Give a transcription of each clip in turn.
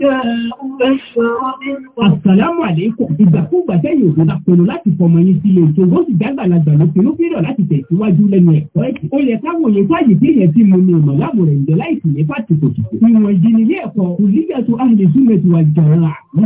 Àsàlámù àlékò ìgbàkúgbà sẹ́yìn òkú la pinnu láti fọmọ yín sílé ìjọ wọ́n sì dágbàlagbà ló pinnu láti tẹ̀síwájú lẹ́nu ẹ̀kọ́ ẹ̀kọ́. Ó yẹ káwọn òye fáyì tí èèyàn ti mú ni ìmọ̀ láàbò rẹ̀ ǹjọ́ láì tìlé fàtì kòtò. Ìwọ̀n ìjìnlẹ̀ ẹ̀kọ́ olùdíjàtò ní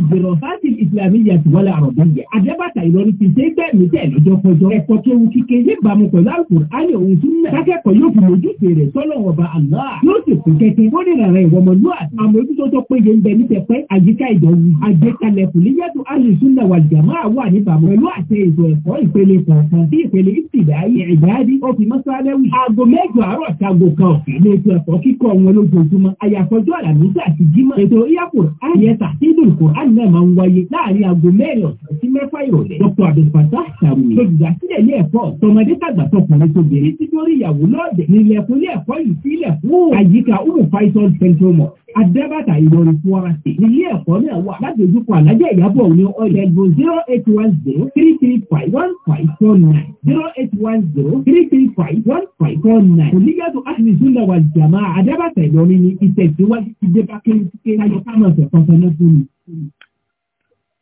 rárá tó péye ń bẹ ní tẹ̀ pé àyíká ìdọ̀wù àgbékalẹ̀ kùlíyàtò alùsùnà wà jàmá wà níbàámu pẹ̀lú àti ètò ẹ̀kọ́ ìpele kọ̀ọ̀kan sí ìpele ìtìdáyé ìdádi ó fi mọ́sálẹ́wì. aago mẹ́jọ àárọ̀ sago kan ọ̀fẹ́ ní ètò ẹ̀kọ́ kíkọ́ wọn lójoojúmọ́ àyàfọ́jọ́ àlàmísà àti jímọ̀. ètò ìyàpọ̀ àyẹ̀sà sídùn kò àná máa ń wáyé láàrin aago mẹ́rin ọ̀sán sí mẹ́fà ìrọ̀lẹ́. dr abdulfata sàmì olùdásílẹ̀ ilé ẹ̀kọ́ tọmọdé tàgbà tọkùnrin tó bèrè títorí ìyàwó lọ́ọ̀dẹ̀ nílẹ̀kùn ilé ẹ̀kọ́ yìí sílẹ̀ fún àyíká umu python central mosque Adébàtà Ìlọrin fún sí. Ilé ẹ̀kọ́ náà wà láti ojúkọ Àlájẹ́ Ìyábọ̀ ní ọ̀yẹ́ ẹ̀gbọ́n zero eight one zero three three five one five four nine zero eight one zero three three five one five four nine. Onígbàtò Ahmedula wà jàmá Adébàtà Ìlọrin ní ìtẹ̀síwájú ti dé bá kéré sí kéré ọ̀sẹ̀ kankan náà fún mi.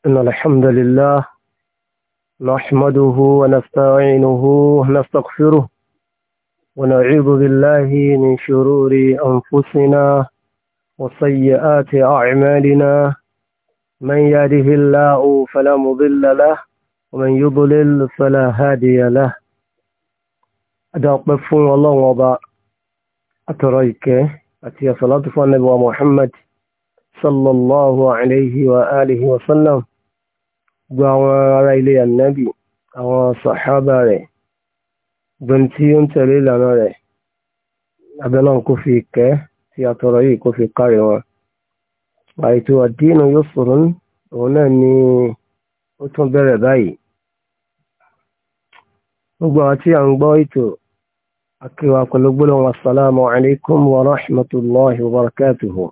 إن الحمد لله نحمده ونستعينه ونستغفره ونعوذ بالله من شرور أنفسنا وصيئات أعمالنا من يهده الله فلا مضل له ومن يضلل فلا هادي له أدعوك فون الله وضع أتريك أتي صلاة النبي محمد صلى الله عليه وآله وسلم وعلى إلي النبي وصحابة ري بنتي تليل أنا ري أبنان كفيك tí a tọrọ yìí kó fi kárí wọn. àìtó àdínà yóò sọ̀rọ̀ òun náà ni ó tún bẹ̀rẹ̀ báyìí. gbogbo àwọn tí a ń gbọ́ ètò akéwà pẹ̀lú gbólóhùn asalaamu alaykum wa rahmatulahi wa barakatuhu.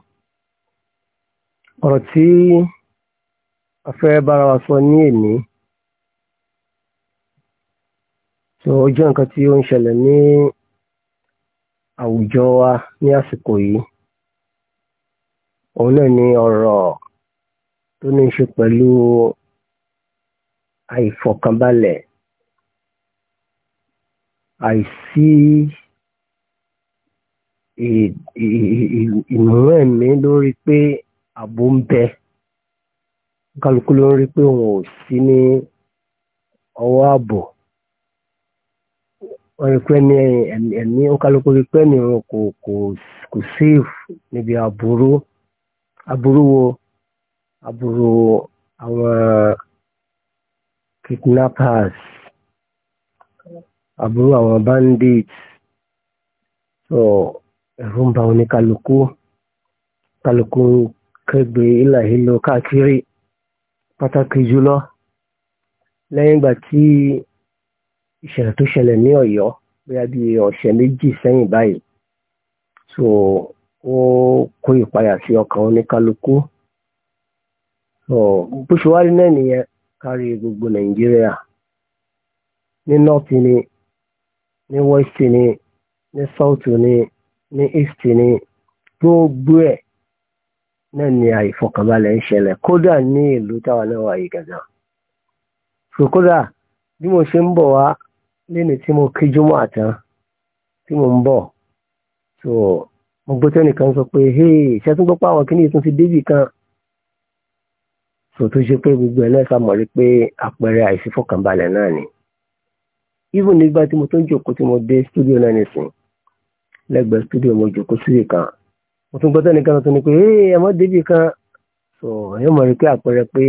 ọ̀rọ̀ tí a fẹ́ bára wa sọ ní èmi. so ojú nǹkan tí ó ń ṣẹlẹ̀ ní àwùjọ wa ní àsìkò yìí òun náà ni ọ̀rọ̀ tó ní í ṣe pẹ̀lú àìfọ̀kànbalẹ̀ àìsí ìmú lórí pé ààbò ń bẹ kálukú ló ń rí pé òun ò sí ní ọwọ́ ààbò ọ̀rẹ́pẹ́ ní ẹ̀mí ọkàlùkù rẹpẹ́ ní òun kò kò kò safe níbi aburú aburú wo aburú àwọn kidnappers aburú àwọn bandits so ẹ̀rù ń ba oníkàlùkù kàlùkù kẹgbẹ́ ìlàhílò káàkiri pàtàkì jùlọ lẹ́yìn ìgbà tí ìṣẹ̀lẹ̀ tó ṣẹlẹ̀ ní Ọ̀yọ́ bóyá bí ọ̀sẹ̀ méjì sẹ́yìn báyìí so ó kó ìpayà sí ọkàn oníkálukú bó ṣe wá rí náà nìyẹn kárí gbogbo Nàìjíríà ní north ni ní west ni ní south ni ní east ni gbogbo ẹ̀ náà ni àìfọkànbalẹ̀ ń ṣẹlẹ̀ kódà ní ìlú táwa náà wà yìí gàdá so kódà bí mo ṣe ń bọ̀ wá lẹ́ni tí mo kí jùmọ̀ àtàn tí mo ń bọ̀ so mo gbọ́ tẹ́nì kan sọ pé hey ṣe tún gbọ́pọ̀ àwọn kìíní tún ti débì kan so tó ṣe pé gbogbo ẹ̀ náà sàmọ̀rí pé àpẹẹrẹ àìsífọ̀kànbalẹ̀ náà ni even nígbà tí mo tó ń jòkó tí mo dé studio náà nìsín lẹ́gbẹ̀ẹ́ studio mo jòkó síbì kan mo tún gbọ́ tẹ́nì kan tó ní pé hey ẹ̀ mọ́ débì kan so ẹ̀yọ́ mọ̀ rí pé àpẹẹrẹ pé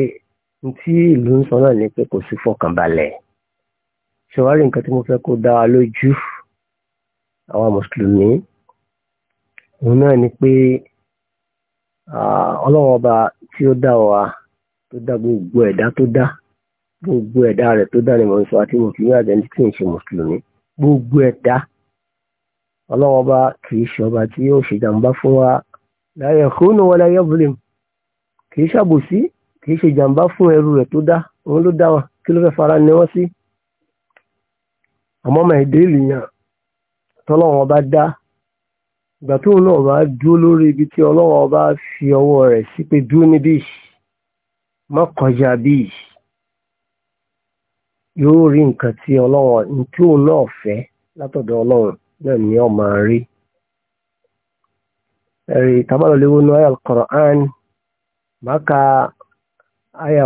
n tí ìlú ń sọ náà ni pé kò sí fọ̀kànbalẹ̀ ṣọwárí nǹkan tí mo fẹ́ kó dá lójú àwọn mùsùlùmí òun náà ni pé ọlọ́wọ́n ọba tí ó dá wa tó dá gbogbo ẹ̀dá tó dá gbogbo ẹ̀dá rẹ̀ tó dá ni mo ń sọ àti mùsùlùmí àjẹni tí ń ṣe mùsùlùmí gbogbo ẹ̀dá ọlọ́wọ́n ọba kì í ṣe ọba tí yóò ṣe jàǹbá fún wa la yakhunu wala yadhlim kì í ṣàbòsí kì í ṣe jàǹbá fún ẹrú rẹ̀ tó dá òun ló dá wa kí ló fẹ́ fara ni wọ́n sí. Si àmọ́ ọmọ ẹ̀dẹ́ ènìyàn tọ́lọ́wọ́n bá dá ìgbà náà bá dúó lórí ibi tí ọlọ́wọ́n bá fi ọwọ́ rẹ̀ sí pé dúó níbí má kọjá bíi yóò rí nǹkan tí ọlọ́wọ́n tí òun náà fẹ́ látọ̀dọ̀ ọlọ́run náà ni ọ máa rí ẹ̀rì ní máa ka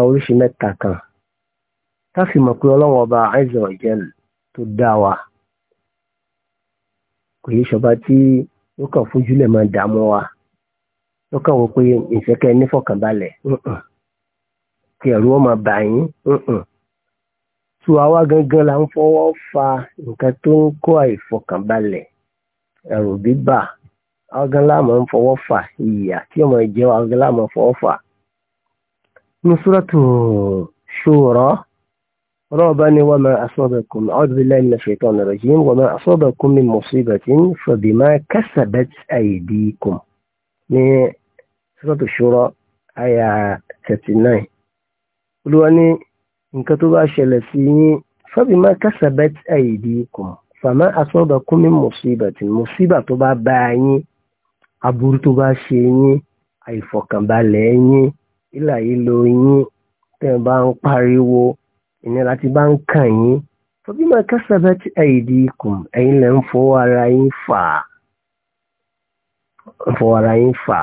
oríṣi tó dá wa kò yí ṣọba tí ó kàn fojúlẹ̀ máa dààmú wa ó kàn wọ pé ìfẹ́kẹ́ nífọ̀kànbalẹ̀ tí ẹ̀rú ọmọ bà yín àwa gangan là ń fọwọ́ fa nǹkan tó ń kó àìfọ̀kànbalẹ̀ ń fọwọ́ ìyà tí ọmọ fọwọ́ nusratu رابعا وما أصابكم أعوذ بالله من الشيطان الرجيم وما أصابكم من مصيبة فبما كسبت أيديكم من سورة الشورى آية 39 قلوا إن كتب أشلسيني فبما كسبت أيديكم فما أصابكم من مصيبة مصيبة تبع باني أبور تبع شيني أي فوقن باليني إلا إلويني تبا pariwo ìnira ti bá ń kàn yín tọ́bí máa kẹsàbẹ́ tí ẹ̀yìdì ikùn ẹ̀yin lẹ́ ń fọwọ́ ara yín fà á ń fọwọ́ ara yín fà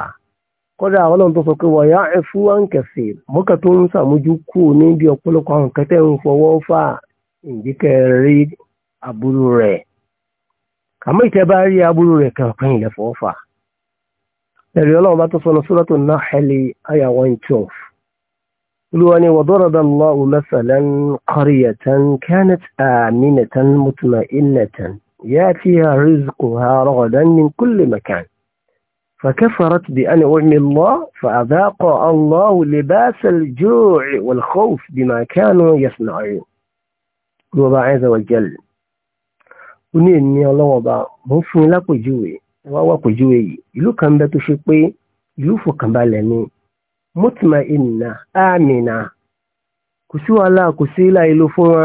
àwọn náà tó sọ pé wọ̀nyá ẹ̀fú wa ń kẹsì mọ́kà tó ń sàmójú kú níbi ọ̀pọ̀lọpọ̀ àwọn kẹtẹ́ ń fọwọ́ fà ìdíkẹ́ rí rẹ̀ ìtẹ́ bá rí rẹ̀ ilẹ̀ fà ẹ̀rí ọlọ́run bá olúwa ni وضرب الله مثلا قرية كانت آمنة مطمئنة يأتيها رزقها رغدا من كل مكان فكفرت بأنعم الله فأذاق الله لباس الجوع والخوف بما كانوا يصنعون olúwa عز وجل ó ní èmi ọlọ́wọ́ba mo ń fún yín lápòjúwe wá wá pòjúwe yìí ìlú kan bẹ tó ṣe pé ìlú fòkànbalẹ̀ ni mutma'inna amina kò sí wàhálà kò sí láìlò fún wa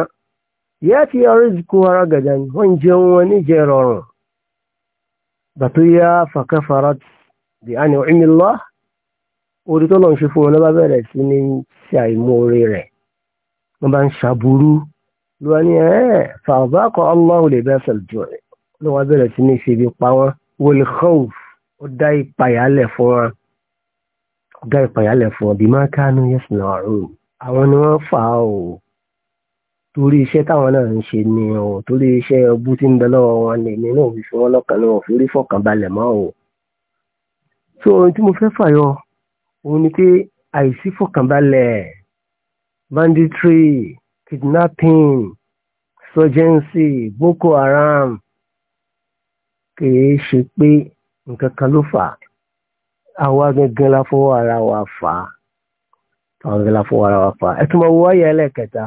ìyá ti arziku ara gàdá ni wọ́n jẹun wọn níjẹ rọrùn bàtó yá fakafarat bí a ní ọ̀rìnmílá orí tó lọ́n ṣe fún wọn lọ́ba bẹ̀rẹ̀ sí ní ṣe àìmóore rẹ̀ wọ́n bá ń ṣàbúrú ló wá ní ẹ̀ fàbá kọ́ ọlọ́run lè bẹ́ẹ̀ sọ̀rọ̀ jù ló wá bẹ̀rẹ̀ sí ní ṣe ibi pa wọn wọlé khawf ó dá ìpayà lẹ̀ fún wọn ọ̀gá ìpàyàlẹ̀ fún ọbí máa kánú yẹ̀sùn àrùn àwọn ni wọ́n fà á o torí iṣẹ́ táwọn náà ń ṣe ni o torí iṣẹ́ ọbú tí ń bẹ lọ́wọ́ wọn ni èmi náà fi fún wọn lọ́kàn náà fi rí fọkànbalẹ̀ mọ́ o so ohun tí mo fẹ́ fàyọ òun ni pé àìsí fọkànbalẹ̀ banditry kidnapping insurgency boko haram kì í ṣe pé nǹkan kan ló fà á àwa gangan la fọwọ́ ara wa fà á àwa gangan la fọwọ́ ara wa fà á ẹ tún máa wọ ayé ẹlẹ́kẹta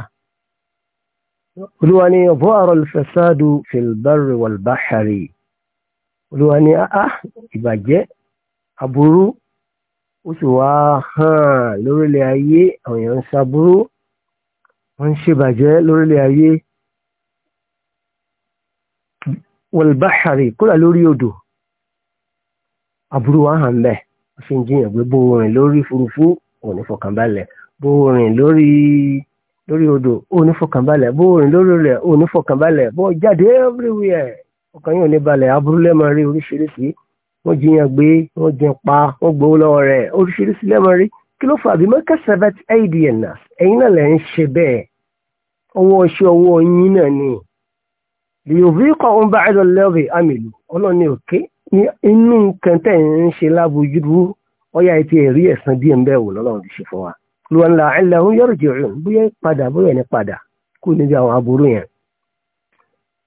olúwa ni ọ̀bọ̀ àrọ̀ fasadu filbari walbahari olúwa ni áá ìbàjẹ́ aburú ó sì wá hàn lórílẹ̀ ayé àwọn èèyàn wọ́n ń ṣèbàjẹ́ lórílẹ̀ ayé walbahari kódà lórí odò aburú wá hàn bẹ́ẹ̀ fi ń jiyàn pé bó o rìn lórí furuufú ò ní fọkànbalẹ̀ bó o rìn lórí lórí odò ò ní fọkànbalẹ̀ bó o rìn lórí rẹ̀ ò ní fọkànbalẹ̀ bó o jáde everywhere ọkàn yóò ní balẹ̀ aburúlẹ̀ máa rí oríṣiríṣi wọ́n jiyàn gbé wọ́n jẹ pa wọ́n gbowó lọ́wọ́ rẹ̀ oríṣiríṣi lẹ́mọ̀ rí kí ló fà bí makasabat aidiyan nas ẹ̀yin náà lẹ́ ṣe bẹ́ẹ̀ ọwọ́ ṣe ọwọ́ yín náà ni lèyìn òfin kọ́ ọ̀hún bá àìdọ̀lẹ́ọ̀bì àmì lù ọlọ́ni òkè ní inú nǹkan tẹ̀ ń ṣe lábojúdú ọ̀yà ètò ẹ̀rí ẹ̀sán díẹ̀ ń wò lọ́lọ́run ti ṣe fún wa. lùwọ̀n la ya lẹ́hún yọ̀rọ̀ jẹ̀ rìn bóyá padà bóyá padà níbi àwọn aburú yẹn.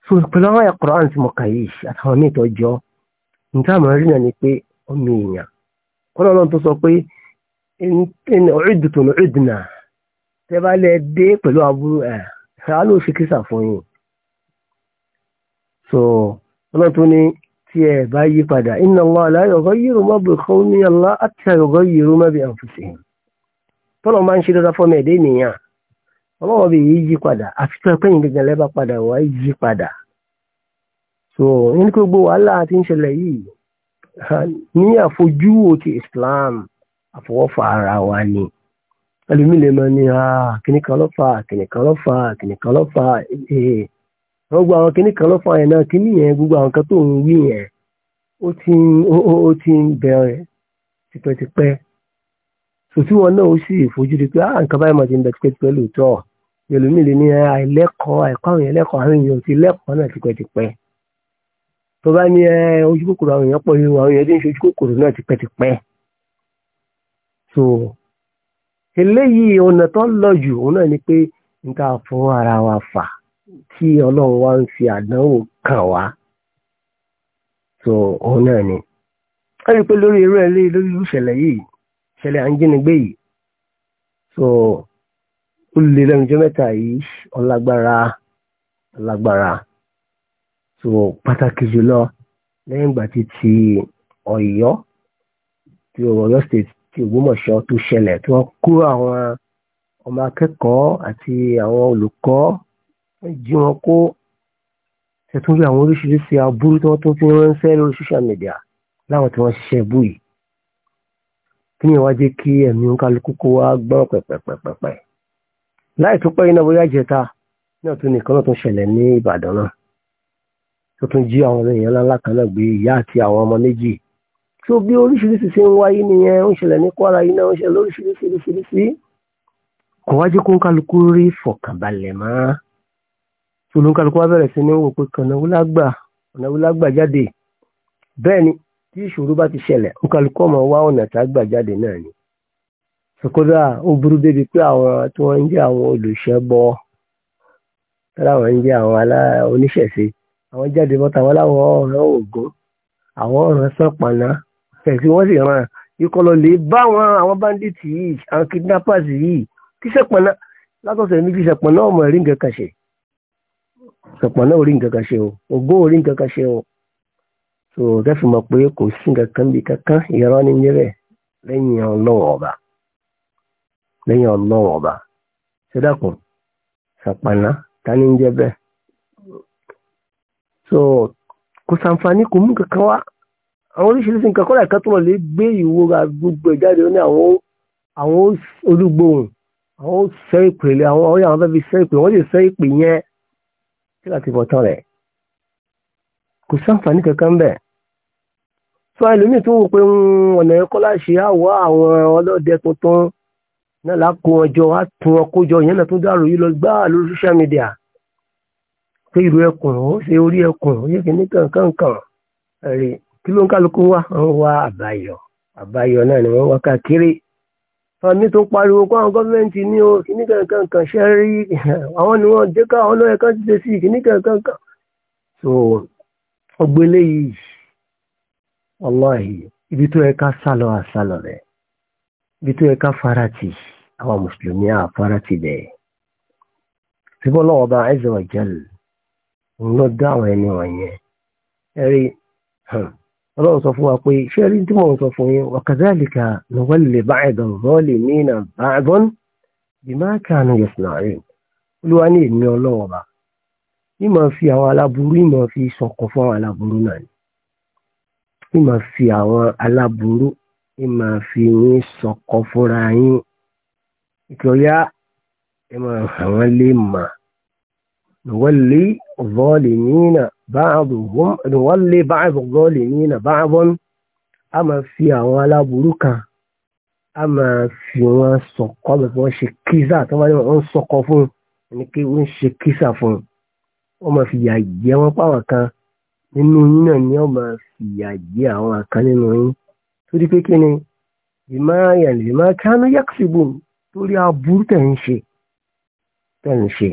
so pẹ̀lú àwọn ẹ̀kọ́rọ̀ àti mọ̀kà yìí àtàwọn míì tó jọ nǹkan àmọ́ rí náà ni pé ọmọ èèyàn ọlọ́run tó sọ pé ọ̀rẹ́dùtùn ọ̀rẹ́dùnà tẹ́ bá lẹ dé pẹ̀lú aburú ẹ̀ ṣáà ló ṣe tí ẹ bá yí padà inna Allah la yughayyiru ma bi qawmin hatta yughayyiru ma bi anfusihim tọ́lọ̀ máa ń ṣe dáadáa fọ́mọ ẹ̀dẹ́ nìyàn ọlọ́wọ́ bí yí yí padà àfi tó ẹpẹ́yìn gẹ́gẹ́ lẹ́bàá padà wà yí padà so ní gbogbo wàhálà tí ń ṣẹlẹ̀ yìí ní àfojúwò ti Islam àfọwọ́fà ara wa ni ẹlòmílẹ̀ máa ní ah, kíníkan lọ́fà kíníkan lọ́fà kíníkan lọ́fà ee. Eh, eh, wọ́n gbọ́ àwọn kìíní kan ló fa yẹn náà kìíní yẹn gbogbo àwọn kan tó ń wí yẹn ó ti ó ti ń bẹ̀rẹ̀ tipẹ́tipẹ́ sòtí wọn náà ó sì fojú di pé á ah, nǹkan báyìí máa ti ń bẹ tipẹ́tipẹ́ lóòótọ́ yẹlòmí lè ní àìlẹ́kọ̀ọ́ ah, àìkọ́ àwọn èèyàn lẹ́kọ̀ọ́ àwọn èèyàn ti lẹ́kọ̀ọ́ náà tipẹ́tipẹ́ tó bá ní eh, ojú kòkòrò àwọn èèyàn pọ̀ yìí àwọn èèyàn ti ń ṣe ojú kòkòrò náà tipẹ́tipẹ́ so eléyìí ọ̀nà tó lọ jù òun náà ni pé nǹkan àfọwọ́ ara wa fà tí ọlọ́run wá ń fi àdánwò kàn wá so òun náà ni ẹ rí i pé lórí irú ẹ lé lórí irú ìṣẹ̀lẹ̀ yìí ìṣẹ̀lẹ̀ à ń jínigbé yìí so ó lè lẹ́nu jẹ́ mẹ́ta yìí ọlágbára ọlágbára so pàtàkì jùlọ lẹ́yìn ìgbà tí ti ọ̀yọ́ ti ọ̀yọ́ state ti ògbómọ̀ṣọ́ tó ṣẹlẹ̀ tí wọ́n kó àwọn ọmọ akẹ́kọ̀ọ́ àti àwọn olùkọ́ jí wọn kó ẹ̀tún rí àwọn oríṣiríṣi aburú tí wọ́n tún fi ránṣẹ́ lórí social media láwọn tí wọ́n ṣiṣẹ́ bú yìí kí ni wàá jẹ́ kí ẹ̀mí kálukú kó wá gbọ́n pẹ̀pẹ̀pẹ̀pẹ̀ láì tó pẹ́ iná bóyá jẹta náà tún nìkan náà tún ṣẹlẹ̀ ní Ìbàdàn náà tó tún jí àwọn èèyàn ńláńlá kan náà gbé ìyá àti àwọn ọmọ méjì tó bí oríṣiríṣi ṣe ń wáyé nìyẹn ń ṣẹlẹ̀ ní Kwara yìí náà ń ṣẹlẹ̀ lóríṣiríṣi kò wá jẹ́ kó ń kálukú rí fọ̀kànbalẹ̀ máa tòlókàlùkù wá bẹ̀rẹ̀ sí ní wò pé kànáà wúlágbà ọ̀nà wúlágbà jáde bẹ́ẹ̀ ni tí ìṣòro bá ti ṣẹlẹ̀ òkàlùkù ọmọ wá ọ̀nà tá a gbà jáde náà ni sọkọ́dà ó burú débi pé àwọn tí wọ́n ń jẹ́ àwọn olùṣẹ́bọ láwọn ń jẹ́ àwọn oníṣẹ̀ṣe àwọn jáde bọ́ta wọn láwọn ọ̀ràn ògún àwọn ọ̀ràn sọ̀pànà ẹ̀sìn wọ́n sì ràn ìkọlọ̀lẹ̀ bá wọn àwọn bandits yìí àwọn kidnappers yìí kí látọ̀sẹ̀ méjì sẹ́pọ̀nà ọmọ ẹ̀rí nǹkan kan ṣe ṣọ̀pọ̀ náà orí nǹkan ṣe o ògo orí nǹkan kan ṣe o so kẹfì mọ̀ pé kò sí nǹkan kan bí kankan ìrọ́ ní níbẹ̀ lẹ́yìn ọlọ́wọ́ ọba lẹ́yìn ọlọ́wọ́ ọba ṣẹ́dàkùn ṣàpàná ta ní ń jẹ́ bẹ́ẹ̀ so kò sàǹfààní kò mú kankan wá àwọn oríṣiríṣi nǹkan kọ́lá ìkan tó lọ lè gbé ìwúra gbogbo ìjáde ní àwọn àwọn olúgbòhùn àwọn sẹ́ ìpè lé àwọn ọ̀rẹ́ àwọn fẹ́ fi sẹ́ ìpè wọ́n lè sẹ́ ìpè yẹn kí láti bọ̀ rẹ̀ kò sáǹfààní kankan bẹ́ẹ̀ sọ ẹlòmíì tó wò pé hmm, ọ̀nà ẹ̀kọ́ láṣẹ àwọ̀ àwọn ọlọ́dẹ tuntun náà lákò ọjọ́ á ọkójọ ìyẹn náà tó dárò yìí lọ gbáà lórí social media pé ìrù ẹkùn ó ṣe orí ẹkùn ó yẹ kí ní kankankan rè kí ló ń kálukú wá wọn wá àbáyọ àbáyọ náà ni wọn wá káàkiri àmì tó pariwo kó àwọn gọ́ọ̀mẹ́ntì ní o kìíní kankan ṣe rí àwọn ni wọ́n jẹ́ àwọn kan ti kankan kan. so ọgbélé yìí wàláhì ibi tó ẹka sálọ àsálọ ibi tó ẹka farati àwọn mùsùlùmí à farati bẹ́ẹ̀. síbọ̀ lọ́wọ́ bá azza ń ọlọ́run sọ fún wa pé ṣé rí tí wọ́n sọ fún yín wakadhalika nuwalli ba'da zalimina ba'dan bima kanu yasna'un olúwa ní èmi ọlọ́wọ́ bá ní máa fi àwọn aláburú ní máa fi sọ̀kọ̀ fún àwọn aláburú náà ni ní máa fi àwọn aláburú ní máa fi yín sọ̀kọ̀ fúnra yín ìtọ́yá ẹ máa hàn wọ́n lè mà nuwalli zalimina báàbùhùn ìwọ́lé báàbùgọ́ lè ní ìnà báàbùn a máa fi àwọn aláburú kan a máa fi wọn sọ̀kọ́ bẹ̀rẹ̀ wọ́n ṣe kísà tó bá wọ́n sọ̀kọ́ fún ní kí wọ́n ṣe kísà fún wọ́n máa fi yà jẹ́ wọn páwọn kan nínú yín náà ni wọ́n máa fi yà jẹ́ àwọn kan nínú yín torí pé kí ni ìmọ̀ àyàn lè kánú yàkùsìbò torí aburú tẹ̀ ń ṣe tẹ̀ ń ṣe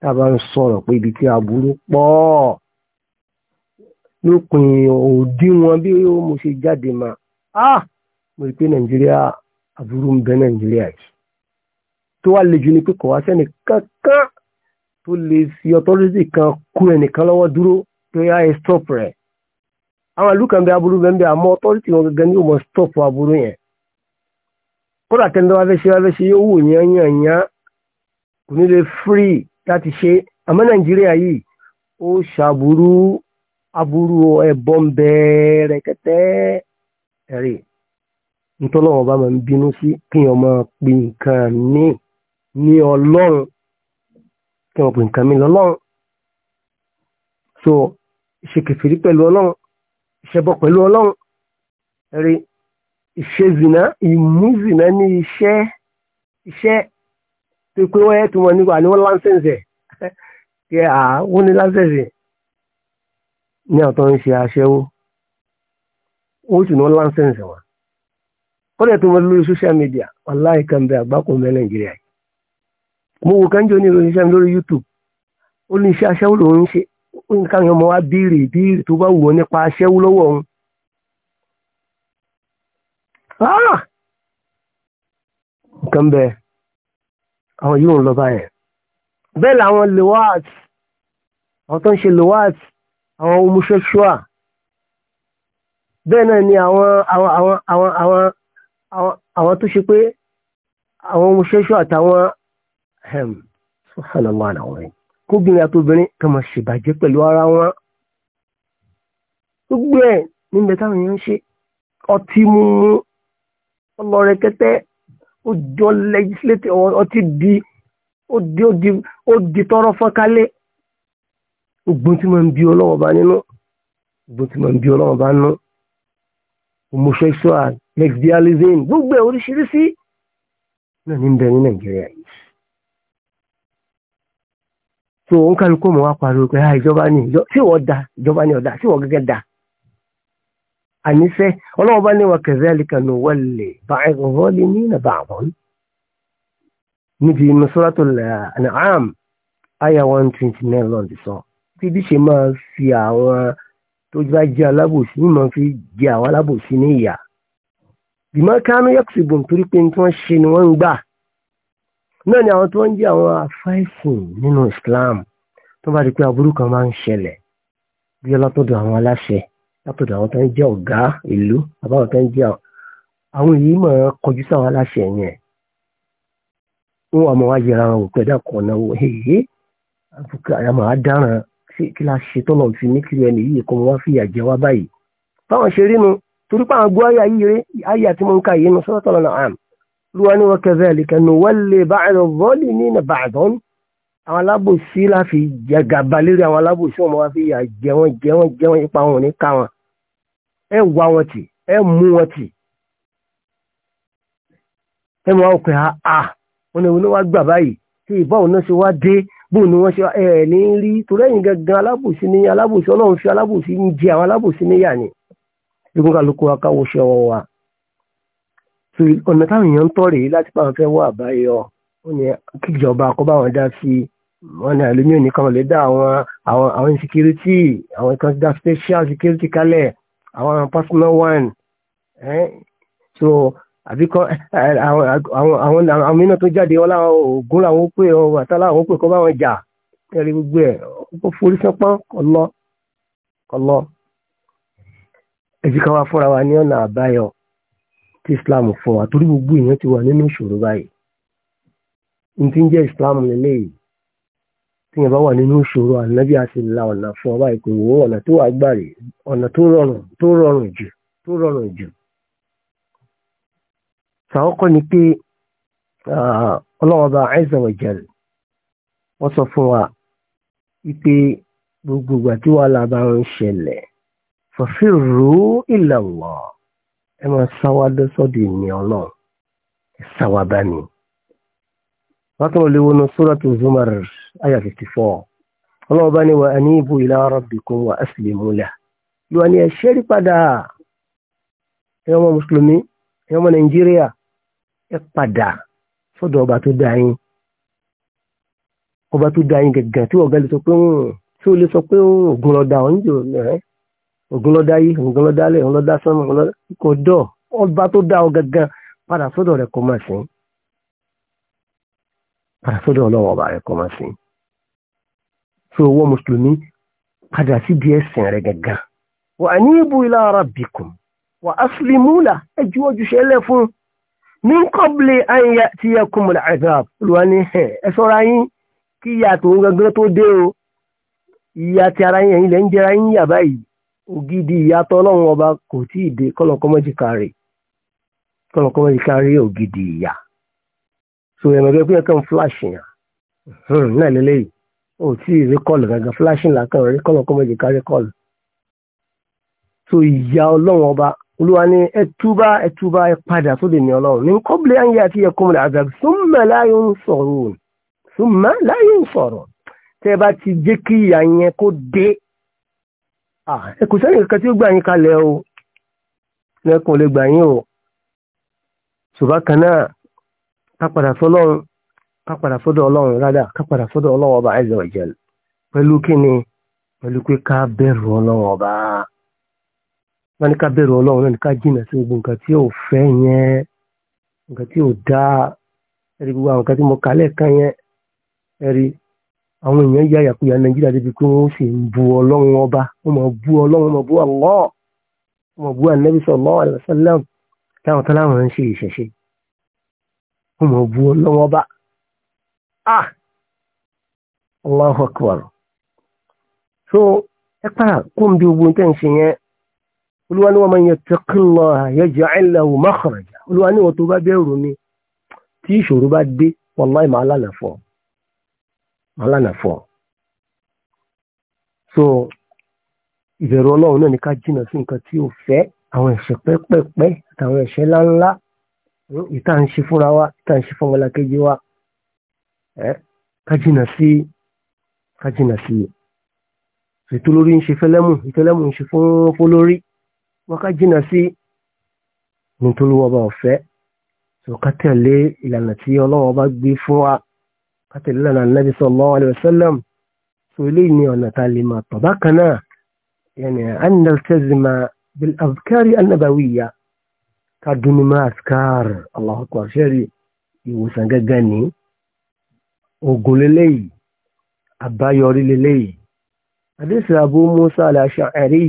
tá a bá ń sọ̀rọ̀ pé ibi tí aburú pọ̀ ọ́ lópin òdiwọ̀n bí mo ṣe jáde mà ah mo rí i pé nàìjíríà àbúrò ń bẹ nàìjíríà yìí tó wá le jù ni pé kò wá sẹ́ni kankan tó lè fi ọtọ́rẹ́sì kan kú ẹnìkan lọ́wọ́ dúró pé á ah, ẹ stop rẹ̀ àwọn ìlú kan bẹ aburú bẹ ń àmọ́ ọtọ́rẹ́sì wọn gẹ́gẹ́ ní ó stop aburú yẹn kódà tẹ́ni tó wá fẹ́ ṣe wá fẹ́ ṣe yóò wò yán yán yán kò ní lè free láti ṣe àmọ́ nàìjíríà yìí ó ṣàbùrú aburú ẹ̀bọ̀n bẹ̀rẹ̀ kẹtẹ́ ẹ̀rí ntọ́lọ́wọ́ bá máa ń bínú sí kí wọ́n máa pe nǹkan ní ní ọlọ́run kí wọ́n pe nǹkan mi lọ́lọ́run so ṣe kẹfìrí pẹ̀lú ọlọ́run ṣẹbọ pẹ̀lú ọlọ́run ẹ̀rí ìṣèzìnà ìmúzìnà ní iṣẹ́ iṣẹ́ tó pé wọ́n yẹ tó wọn nígbà ni wọ́n láńsẹ̀nsẹ̀ kí àwọn ní láńsẹ̀nsẹ̀ ní àwọn tó ń ṣe aṣẹ́wó ó sì ní wọ́n láńsẹ̀nsì media wàláì kan bẹ àgbákò mẹ́ nàìjíríà yìí mo wò youtube ó ní iṣẹ́ aṣẹ́wó lòún ṣe ó ní káwọn ọmọ wa béèrè béèrè tó bá wù ọ́ nípa aṣẹ́wó lọ́wọ́ ah! lewat àwọn tó lewat àwọn homosexual bẹ́ẹ̀ náà ni àwọn àwọn àwọn àwọn àwọn àwọn tó ṣe pé àwọn homosexual àtàwọn ehm, sọ́hánàmọ́ àwọn rẹ̀ kóbìnrin àtòbìnrin kan máa ṣèbàjẹ́ pẹ̀lú ara wọn gbogbo ẹ̀ níbẹ̀ táwọn èèyàn ń ṣe ọtí mímu ọlọ́rẹ̀ kẹtẹ́ ó jọ legislative ọtí di ó di ó di tọrọ fọ́nkálẹ̀ gbogbo tí mo ń bí ọlọ́wọ́ bá nínú gbogbo tí mo ń bí ọlọ́wọ́ bá nínú homosexual lesbianism gbogbo ẹ̀ oríṣiríṣi náà ní ń bẹ ní nàìjíríà yìí so ó ń kálukú mọ̀ wá pariwo pé ha ah, ìjọba ni tí wọ́n da ìjọba ni ọ̀dà tí wọ́n gẹ́gẹ́ da àníṣẹ́ ọlọ́wọ́ bá ní wa kazalika nuwalli ba'dhal zalimina ba'dhan níbi Suratul An'am aya one twenty nine lọ́ọ̀dì so bíbí ṣe máa fi àwọn tó bá jẹ́ alábòsí ní máa fi jẹ àwọn alábòsí ní ìyà bìmọ̀ kánú yọ̀kùsì gbòm torí pé tí wọ́n ṣe ni wọ́n ń gbà náà ni àwọn tó ń jẹ́ àwọn afáìsìn nínú Islam tó bá di pé aburú kan máa ń ṣẹlẹ̀ bí látọ̀dọ̀ àwọn aláṣẹ látọ̀dọ̀ àwọn tó ń jẹ́ ọ̀gá ìlú àbáwọn tó ń jẹ́ àwọn èyí mọ̀ ọ́n kọjú sáwọn aláṣẹ yẹn wọn àmọ́ wá yẹra wọn òpẹ́dà kan náà wọ́n kí la ṣe tọ́lọ̀ fi ní kí ẹni yìí kọ́ wá fìyà jẹ wá báyìí báwọn ṣe rí nu torí pé àwọn gbọ́ ayé ayé rẹ ayé àti mọ̀ nǹka yìí nu sọ́tọ̀ lọ́nà àm lúwa ni wọ́n kẹfẹ́ ẹ̀lì kẹnu wọ́n lè bá ẹ̀rọ bọ́ọ̀lì ní ìnà bàdán àwọn alábòsí la jẹ gàba lérí àwọn alábòsí wọn wá fìyà jẹ wọn jẹ wọn jẹ wọn ipa wọn ní ká wọn ẹ wá wọn tì ẹ mú wọn tì ẹ mọ àwọn òkè ha ah, ah wọn ni wọn wá gbà báyìí tí ìbáwọn bó ni wọ́n ṣe ẹ̀ ní rí torí ẹ̀yìn gangan alábòsí ní alábòsí ọlọ́run fi alábòsí ń jẹ àwọn alábòsí níyà ni igun kálukú akáwo ṣe ọwọ́ wa ọ̀nà táwọn èèyàn ń tọ̀ rèé láti pàwọn fẹ́ wọ àbáyọ ó ní kíjọba kó bá wọn dá sí wọn ní àlómi òní kan lè dá àwọn àwọn àwọn security àwọn kan dá special security kalẹ̀ àwọn personal one so àbí kọ́ àwọn mìíràn tó jáde wọn láwọn ògún làwọn ó pè ọ àtàlà àwọn ó pè kọ́ báwọn jà ẹ̀rí gbogbo ẹ̀ ó forí sánpọ́n kọlọ́ kọlọ́ ẹ̀jẹ̀ ká wá fúnra wa ní ọ̀nà àbáyọ tí Islam fún wa torí gbogbo èèyàn ti wà nínú ìṣòro báyìí n ti ń jẹ́ Islam lélẹ́yìí tíyẹn bá wà nínú ìṣòro ànábì àti ìlà ọ̀nà fún ọba ìpè wò ọ̀nà tó wà gbàrè ọ̀nà tó rọrùn tó rọrùn jù tó rọrùn jù sàkọ́kọ́ ni pé ọlọ́wọ́ba azza wa jal wọ́n sọ fún wa wípé gbogbo ìgbà tí wàá lábá ń ṣẹlẹ̀ fafirru ila Allah ẹ máa sáwá lọ́sọ́dọ̀ ènìyàn ọlọ́run ẹ sáwá bá mi. látọ̀ lè wọnú suratu zumar aya fifty four ọlọ́wọ́ba ni wa anibu ila rabbikum wa aslimu lah lọ́wọ́ ni ẹ ṣẹ́rí padà ẹ̀yọ́mọ mùsùlùmí ẹ̀yọ́mọ ẹ padà sọ́dọ̀ ọba tó dá yín ọba tó dá yín gẹ̀gẹ̀ tí ọ̀gá lè sọ pé ń tí ó lè sọ pé ògùn lọ́dà ọ̀hún jò ẹ̀ ògùn lọ́dà yìí ògùn lọ́dà lẹ̀ ògùn lọ́dà sọ́nà ògùn lọ́dà kò dọ̀ ọba tó dá ọ gẹ̀gẹ̀ padà sọ́dọ̀ rẹ̀ kọ́ máa sìn padà sọ́dọ̀ ọlọ́wọ́ ọba rẹ̀ kọ́ máa sìn tí owó mùsùlùmí padà sí di ẹ̀sìn rẹ̀ gẹ̀gẹ̀ wà ní ibú ilá rabbikum wà aslimu la ẹjú ojúṣe ẹlẹ́ fún un ní kọ́bílì àyà tí yẹ kó mọ̀lá azab olùwà ní ẹ̀ ẹ sọ́ra yín kí ìyá tó ń gangan tó dé o ìyá tí ara yín ẹ̀yin lẹ́ ń yín yà báyìí ògidì ìyá ọlọ́run ọba kò tí ì dé kọ́lọ̀kọ́mọ́jì kárí kárí ògidì ìyá so ẹ̀mọ̀gẹ́ pé ẹ̀kan flash yàn hmm, náà lélẹ́yìí ò tí ì rí kọ́ọ̀lù gangan flashing làkàn rí kọ́lọ̀kọ́mọ́jì kárí kọ́ọ̀lù so ìyá ọlọ́run olúwa ni ẹ túbá ẹ túbá ẹ padà sóde ní ọlọ́run ní kọ́bílẹ̀ ayé àti ẹ̀kọ́ mọ̀lẹ́ àgbà súnmọ́ láyé ń sọ̀rọ̀ súnmọ́ láyé ń sọ̀rọ̀ tẹ́ bá ti jẹ́ kí ìyà yẹn kó dé ẹ kò sẹ́ni kankan tí ó gbà yín kalẹ̀ o lẹ́kùn lè gbà yín o ṣùgbọ́n kan náà ká padà sọ́lọ́run ká padà sọ́dọ̀ ọlọ́run rádà ká padà sọ́dọ̀ ọlọ́run ọba azza wọ́n ní ká bẹ̀rù ọlọ́run náà ní ká jìnà sí gbogbo nǹkan tí ò fẹ́ yẹn nǹkan tí ò dáa ẹ̀rí gbogbo àwọn nǹkan tí mo kà lẹ́ẹ̀kan yẹn ẹ̀rí àwọn èèyàn yá yàkuyà nàìjíríà débi pé wọ́n sì ń bu ọlọ́run ọba wọ́n mọ̀ bu ọlọ́run wọ́n mọ̀ bu Allah wọ́n mọ̀ bu ànábì sallallahu alaihi táwọn tó láwọn ń ṣe ìṣẹ̀ṣe wọ́n mọ̀ bu ọlọ́run ọba ah Allahu akbar so ẹ pàrà kó ń bí gbogbo nǹkan ṣe yẹn olúwa ní wa man yattaqillaha yaj'al lahu makhraja olúwa ní wọ́n tó bá bẹ̀rù mi tí ìṣòro bá dé wàláì máa lànà fọ́ máa lànà fọ́ so ìbẹ̀rù ọlọ́run náà ní ká jìnnà sí nǹkan tí ò fẹ́ àwọn ẹ̀ṣẹ̀ pẹ́pẹ́pẹ́ àtàwọn ẹ̀ṣẹ̀ ńláńlá ìta hmm, ń ṣe fúnra wa ìta ń ṣe fún ọmọlàkejì wa ká jìnnà sí ká jìnnà sí ètò olórí ń ṣe fẹ́lẹ́mù ìfẹ́lẹ́mù ń ṣe fún fólórí wọ́n ká jìnà sí nítorí wọ́n bá ọ̀fẹ́ tó ká tẹ̀lé ìlànà tí ọlọ́wọ́ bá gbé fún wa ká tẹ̀lé ìlànà nàbí sallallahu alaihi wasallam tó ilé ní ọ̀nà tá a lè máa tọ̀ bákan náà yẹnì annaltazima bil azkari annabawiya ká dunu máa azkar Allahu akbar ṣẹ́rí ìwòsàn gẹ́gẹ́ ni ogun lélẹ́yìí àbáyọrí lélẹ́yìí àdéhùn Abu Musa al-Ash'ari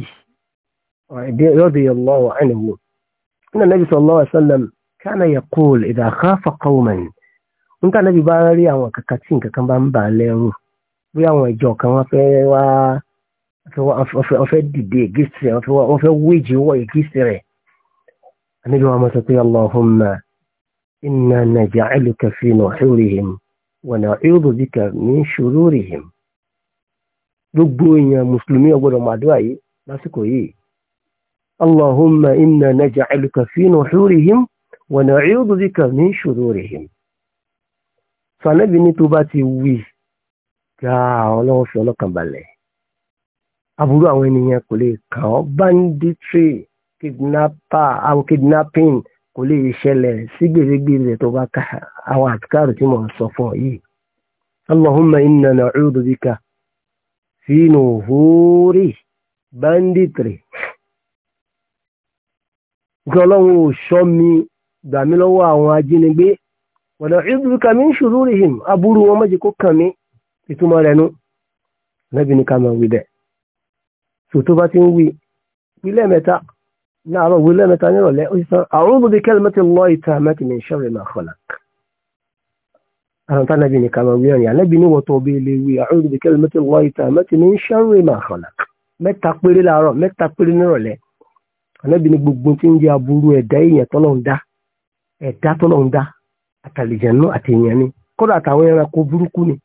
رضي الله عنه أن النبي صلى الله عليه وسلم كان يقول إذا خاف قوما ń tà níbi bá rí ba kankan tí nǹkan kan bá ń bà á lẹ́rù bí àwọn ìjọ kan wọ́n fẹ́ wá wọ́n fẹ́ dìde ègìsì rẹ̀ wọ́n fẹ́ wéjì inna اللهم إنا نجعلك في نحورهم ونعوذ بك من شرورهم فنبي نتوباتي وي يا الله في الله كان بالله aburú àwọn ènìyàn kò lè kàn ọ́ banditry kidnapper àwọn kidnapping kò lè ṣẹlẹ̀ sí gbèrègbèrè tó bá ka àwọn àtikáàrò tí mò ń sọ fún ọ yìí allahumma inna na'udhu bika fi nuhuri banditry gbé ọlọ́run ò ṣọ́ mi gbà mí lọ́wọ́ àwọn ajínigbé wọ̀dọ̀ ìdúkà mi ń ṣòro rè hìm aburú wọn méjì kó kàn mí ìtumọ̀ rẹ̀ nu lẹ́bi ní ká máa wí bẹ́ẹ̀ sò tó bá ti ń wí wí lẹ́ẹ̀mẹ́ta láàárọ̀ wí lẹ́ẹ̀mẹ́ta nírọ̀lẹ́ ó sì sọ àwọn olùdókè kalimati Allahi tammati min sharri ma khalaq àwọn tá nàbí ní ká wí ọ̀rìn àlẹ́bi ní wọ́tọ̀ ọbẹ̀ ilé wí àwọn olùdókè kalimati Allahi tammati min sharri ma khalaq mẹ́ta péré láàárọ̀ mẹ́ta péré nírọ̀lẹ́ ànábì ní gbogbo tí ń jẹ́ aburú ẹ̀dá èèyàn tọ́lọ̀ ń dá ẹ̀dá tọ́lọ̀ ń dá àtàlìjẹ̀ náà àti èèyàn ni kódà àtàwọn ẹranko burúkú ni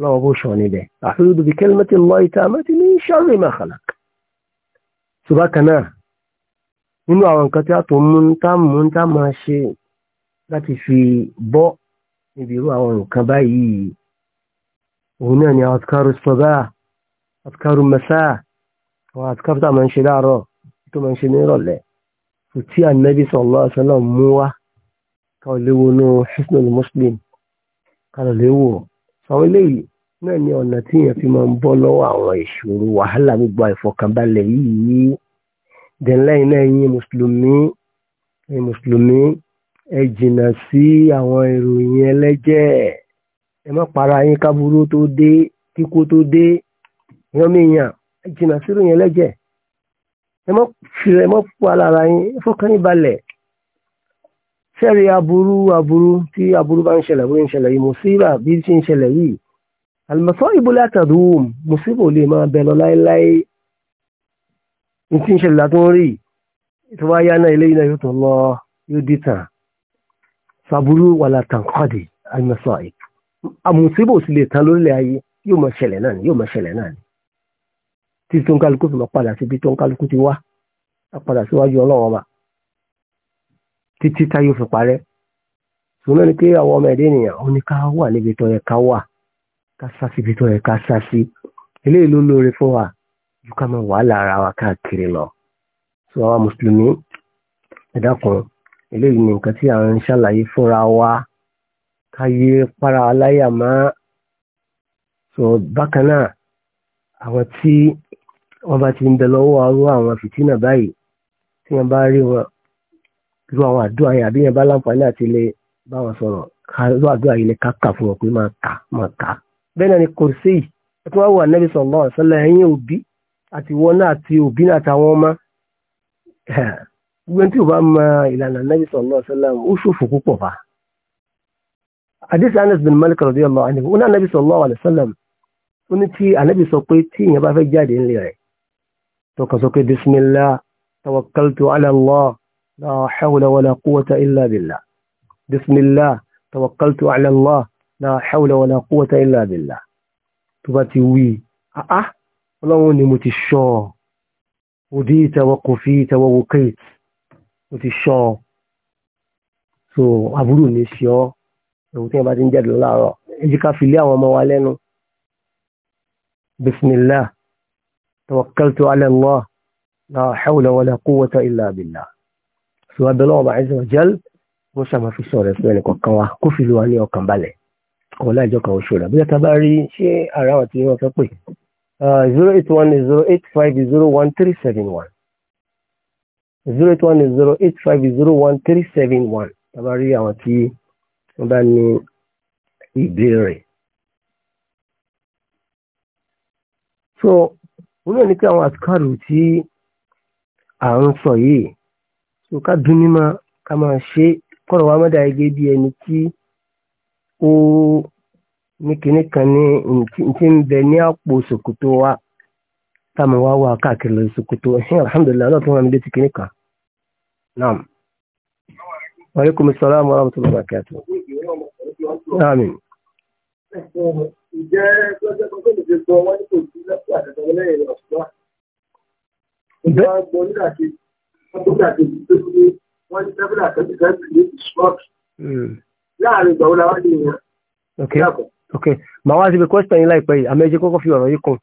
lọ́wọ́ bó sọ níbẹ̀ àfihàn bíi kẹ́lẹ́mẹ́tì lọ ìta mẹ́tì ní sharri ma khalaq. ṣùgbọ́n kan náà nínú àwọn nǹkan tí a tó mú tá mú tá máa ṣe láti fi bọ́ níbi irú àwọn nǹkan báyìí òun náà ni àtúkárù sọ́bà àtúkárù mẹ́sà àwọn àtúkárù tá a máa ń ṣe láàárọ̀ tó máa ń ṣe nírọ̀lẹ́ tí anabi sallallahu alaihi wasallam mú wá káwọn léwo nú hisnul muslim káwọn léwo sàwọn eléyìí náà ni ọ̀nà tí èèyàn fi máa ń bọ́ lọ́wọ́ àwọn ìṣòro wàhálà gbogbo àìfọkànbalẹ̀ yìí dẹ̀ńlẹ́yìn náà yín mùsùlùmí ẹ̀yin mùsùlùmí ẹ jìnnà sí àwọn ìròyìn ẹlẹ́jẹ̀ ẹ má para yín kábúrú tó dé kíkó tó dé yọ́míyàn ẹ jìnnà sí ìròyìn ẹlẹ́jẹ̀ ẹ mọ́ fìrẹ̀ mọ́ pọ̀ alára yín fọ́kàn yín balẹ̀ sẹ́rí aburú aburú tí aburú bá ń ṣẹlẹ̀ bó ń ṣẹlẹ̀ yìí mùsíbà bí ṣe ń ṣẹlẹ̀ yìí àlùmọ̀sọ́ ìbò látàdúhùn mùsíbà ò lè máa bẹ lọ láéláé ní tí ń ṣẹlẹ̀ látún rí tó bá yá náà eléyìí náà yóò tún lọ yóò dì tàn sàbúrú wà látàn kọ́dì àlùmọ̀sọ́ àmùsíbà ò sì lè tán lórílẹ̀ ayé yóò máa ṣẹlẹ̀ náà ni yóò máa ṣẹlẹ̀ náà ni tí tó ń kálukú fi mọ̀ padà síbi tó ń kálukú ti wá padà síwájú ọlọ́wọ́ ọba títí táyé fi parẹ́ ṣùgbọ́n ní pé àwọn ọmọ ẹ̀dẹ́ ènìyàn ó ní ká wà níbi tó yẹ ká wà ká sá síbi tó yẹ ká sá sí eléyìí ló lóore fún wa ju ká máa wà lára wa káàkiri lọ sọ àwa mùsùlùmí ẹ eléyìí ni nǹkan tí à ń ṣàlàyé fúnra wa ká yé para aláyà má sọ bákan náà àwọn tí wọ́n bá ti ń bẹ lọ́wọ́ arú àwọn fìtínà báyìí tí wọ́n bá rí wọn irú àwọn àdúrà yẹn àbí yẹn bá láǹfààní àti ilé bá wọn sọ̀rọ̀ irú àdúrà yìí lè káka fún wọn pé máa kà máa kà bẹ́ẹ̀ náà ni kòrìsì ẹ tí wọ́n wà nẹ́bí sọ̀lọ́ ọ̀sọ́lá ẹ̀yìn òbí àti wọn náà àti òbí náà àtàwọn ọmọ gbogbo tí o bá mọ ìlànà nẹ́bí sọ̀lọ́ ọ̀sọ́lá ó ṣòfò púpọ̀ bá hadith Anas bin Malik radiyallahu tó kà sókè bísmílá tawakkaltu ala Allah la hawla wala quwwata illa billah bísmílá tawakkaltu ala Allah la hawla wala quwwata illa billah tó bá ti wí àá ọlọ́run ni mo ti ṣọ́ òdí ìtawọ́kọ̀ fi ìtawọ́wọ́ kéètì mo ti ṣọ́ ọ so àbúrò ní ṣe ọ ẹ̀wù tí wọ́n bá ti ń jáde láàárọ̀ ẹjí ká fi lé àwọn ọmọ wa lẹ́nu bisimilá tawakkaltu ala Allah la hawla wala quwwata illa billah ṣùgbọ́n abẹ́lẹ́ ọba azza wa jal wọ́n ṣàmà fi sọ rẹ̀ fún ẹnì kọ̀ọ̀kan wa kó fi lu wa ní ọkàn balẹ̀ ọ̀la ìjọ kan oṣù rẹ̀ bóyá tábà rí ṣé ara àwọn tí wọ́n fẹ́ pè uh, zero eight one zero eight five zero one three seven one zero eight one zero eight five zero one three seven one tábà rí àwọn tí wọ́n bá ní ìbéèrè. so òun náà ní pé àwọn àtikárù tí à ń sọ yìí tó ká dún máa ká máa ṣe kọ́rọ̀ wa mọ́dà gẹ́gẹ́ bí ẹni tí ó ní kinní kan ní ti ń bẹ ní àpò ṣòkòtò wa táwọn wá wà káàkiri lórí ṣòkòtò ẹ̀hìn alhamdulilayi ọlọ́run tó kinní kan naam ìjẹ́ lọ́jọ́ kan tó lè fi gbọ́ wọ́n ní kò sí lẹ́kọ̀ọ́ àtẹ̀tẹ̀wọ́ lẹ́yìn rẹ̀ ọ̀ṣọ́. ìjọ gbọ́ nígbà tí wọ́n tó gbà tó tó tó ní wọ́n ní sẹ́fúlà tẹ́tí tẹ́tí ní ìṣọ́ọ̀kì. Hmm. láàrin ìgbà wo la wá ní ìyẹn. ok ok màá wá síbi kọ́sítọ̀ yín láìpẹ́ yìí àmọ́ ẹ jẹ́ kọ́kọ́ fi ọ̀rọ̀ yìí kún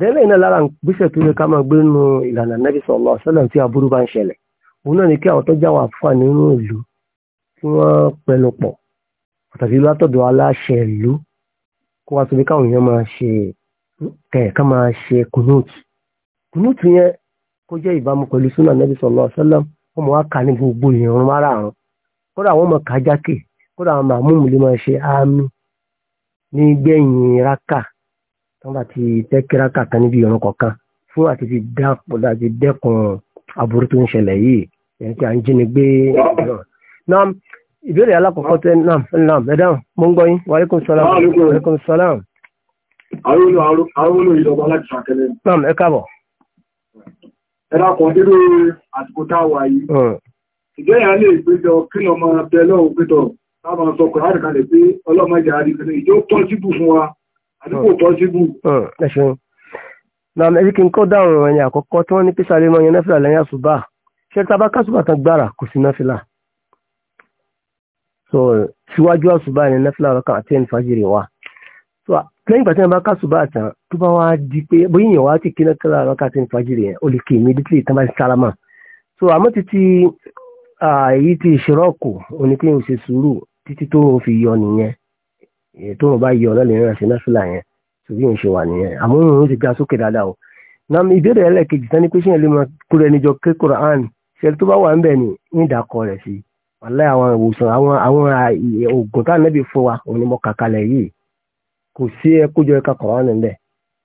dẹ́lẹ̀ iná lára gbèsè tó yẹ ká máa gbé nu ìlànà nẹ́bí sọ̀lọ́ sọ́lọ́m tí aburú bá ń ṣẹlẹ̀ òun náà ni kí àwọn tó jáwọ́ àǹfààní nínú ìlú tí wọ́n pẹnu pọ̀ pàtàkì látọ̀dọ̀ aláṣẹ ìlú kó wá síbi káwọn èèyàn máa ṣe kẹ̀ẹ̀ká máa ṣe kùnúùtù kùnúùtù yẹn kó jẹ́ ìbámu pẹ̀lú súnà nẹ́bí sallallahu alaihi wasallam wọ́n mọ̀ wá kà ní gbogbo ìrún mara àrùn kódà wọ́n mọ̀ ká jákè kódà àwọn màmúùmù lè máa ṣe àmì ní gbẹ̀yìn raka tó bá ti tẹ́kí raka kan níbi ìrún kọ̀ọ̀kan fún àti fi dẹ́kun aburú tó ń ṣẹlẹ̀ yìí ìbéèrè alákọ̀ọ́kọ́ tẹ́ náà náà ẹ̀dáhùn mo ń gbọ́ yín wa alaikum salaam wa alaikum salaam. àwọn olùyọ̀bọ̀ láti ṣàkẹlẹ̀. náà ẹ káàbọ̀. ẹ dákun nínú àsìkò tá a wà yìí. ìjọ yà lè péjọ kí lọ máa bẹ lọ́wọ́ péjọ láwọn sọ kò láti kalẹ̀ pé ọlọ́mọ ìjà àdìgbò ìjọ tọ́ síbù fún wa àdìgbò tọ́ síbù. ẹ ṣeun náà ẹ kí n kọ́ dáhùn ẹ̀yìn àkọ́kọ́ tí wọ́n ní písàlẹ̀ mọ́ yẹn náfìlà lẹ́yìn àṣùbà ṣé tábà kásùbà kan so síwájú àṣùbà ni nafila ọ̀rọ̀ kan àti wa so lẹ́yìn ìgbà tí wọ́n bá kásùbà tán tó bá wá di pé bóyá èèyàn wá ti kí nafila ọ̀rọ̀ kan àti yẹn ó lè kí èmi dídí tán bá sálámà so àmọ́ títí èyí ti ìṣòrọ́kù oníkéyìn ṣe sùúrù títí tó ń fi yọ nìyẹn tó ń bá yọ náà lè rìn àṣẹ nafila yẹn tòbí òun ṣe wà nìyẹn àmọ́ òun ti ga sókè dáadáa o nam ìbéèrè ẹlẹ́ẹ̀kejì tán ni pé ṣé ẹ lè máa kúrò ẹnìjọ kékeré àn ṣe tó bá wà ń bẹ̀ ni ní ìdákọ̀ rẹ̀ sí i wàláì àwọn ìwòsàn àwọn àwọn oògùn tá à nẹ́bí fún wa òun ni mo kà kalẹ̀ yìí kò sí ẹ kójọ ẹka kọ̀ọ̀rọ̀ ní bẹ́ẹ̀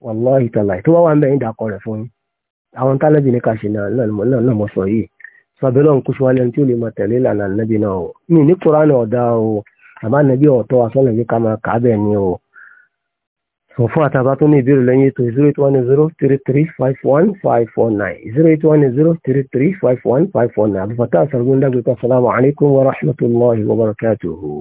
wàláì tàlà tó wá wà ń bẹ̀ ń dàkọ̀ rẹ̀ fún yín àwọn tá nẹ́bí ní ká ṣe náà mo sọ yìí sọ̀bẹ́ lọ́n kó ṣọwálẹ̀ tí ó lè máa tẹ̀lé ìlànà nẹ́bí náà o mi ní kúránì ọ̀dà o àmà nẹ́bí ọ̀tọ́ asọ́nà yìí ká máa kà á bẹ́ẹ̀ ni o fún àtàbà tó ní ìbéèrè lẹ́yìn ètò zero eight one zero three three five one five four nine zero eight one zero three three five one wa rahmatulahi wa barakatuhu.